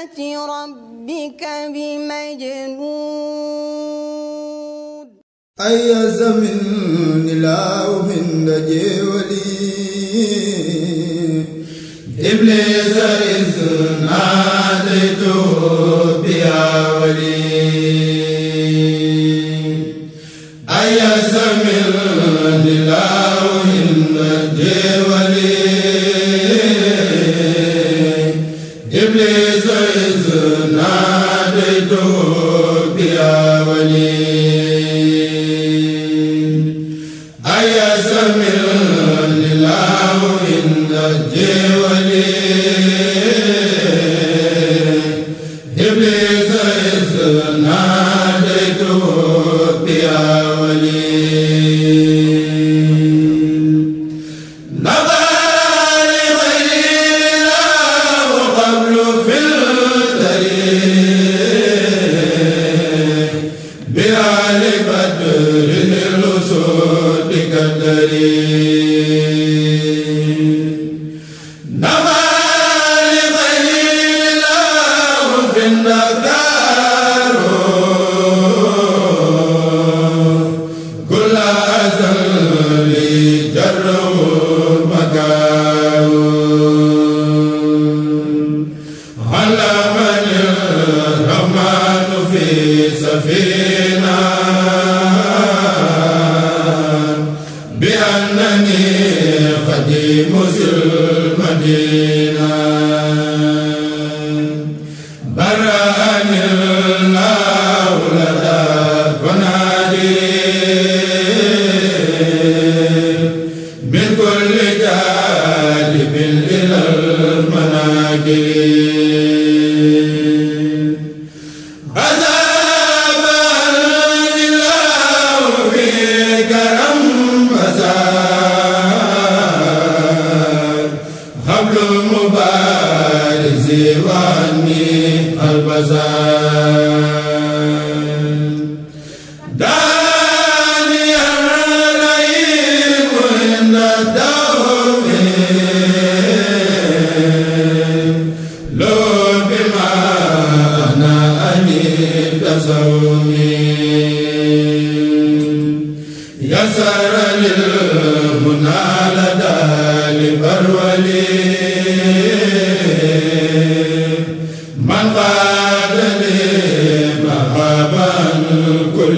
رحمة ربك بمجنون أي زمن لا من جولي إبليس إذ ناديته بيا ولي أي زمن لا من جولي أيسم الله عند الجوالي الْمُحْسِنِينَ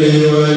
salli wa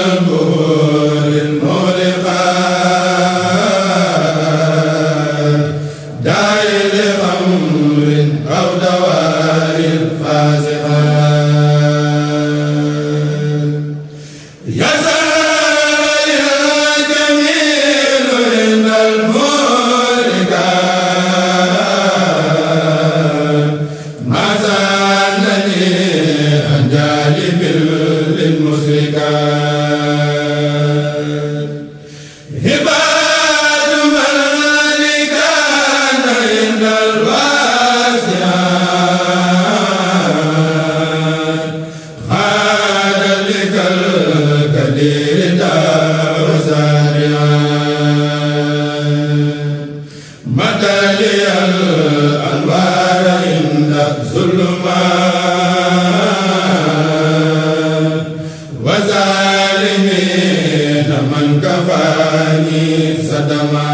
xadama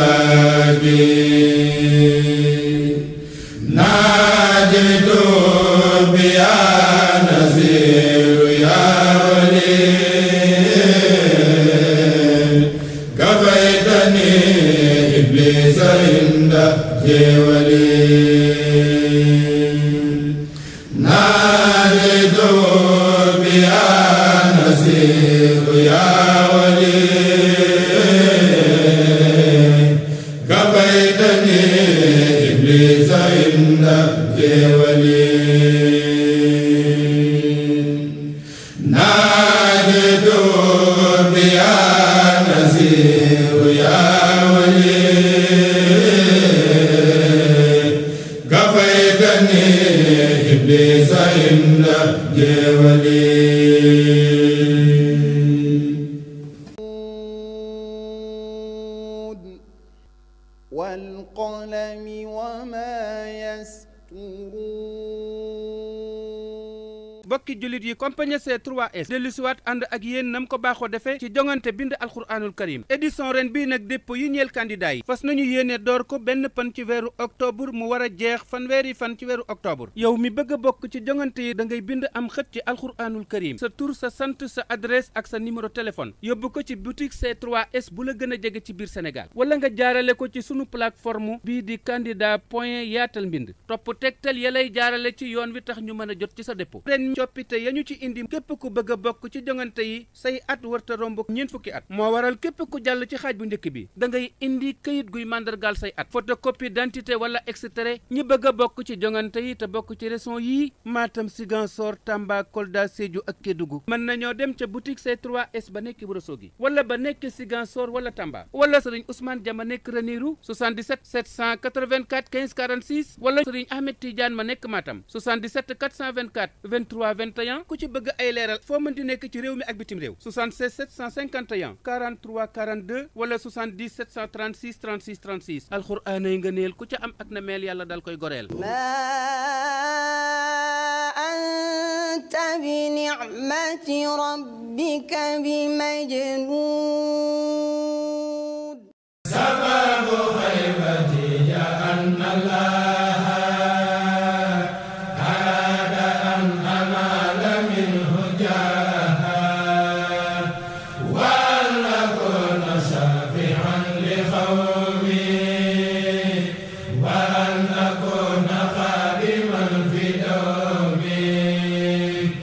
la يسترون bokki jullit yi compagnie C3S dellu ànd ak yéen nam ko baaxoo defee ci jongante bind alxuraanul karim édition ren bi nag dépôt yi ñeel candidat yi fas nañu yéene door ko benn pan ci weeru octobre mu war a jeex fanweeri fan ci weeru octobre yow mi bëgg a bokk ci jongante yi da ngay bind am xët ci alxuraanul karim sa tur sa sant sa adresse ak sa numéro téléphone yóbbu ko ci boutique C3S bu la gën a jege ci biir Sénégal wala nga jaarale ko ci sunu plateforme bii di candidat point yaatal mbind topp tegtal ya lay jaarale ci yoon wi tax ñu mën a jot ci sa dépôt coppite ya ñu ci indi képp ku bëgg a bokk ci jongante yi say at warta romb ñeent fukki at moo waral képp ku jàll ci xaaj bu njëkk bi da ngay indi kayit guy màndargaal say at photocopie d'identité wala et ñi bëgg bokk ci jongante yi te bokk ci région yii Matam Ziguinchor Tamba Kolda Sédhiou ak Kédougou mën nañoo dem ca boutique C3S ba nekk Ourossogui wala ba nekk Ziguinchor wala Tamba wala Serigne Ousmane Dia ma nekk Ranérou 77 784 15 46 wala Serigne Ahmed Tidiane ma nekk Matam 77 424 23 23 21 ku ci bëgg ay leeral foo mën nekk ci réew mi ak bitim réew 76 751 43 42 wala 70 736 36 36 alxuraan ay nga neel ku ca am ak na meel yàlla dal koy goreel anta bi ni'mati rabbika bi majnuun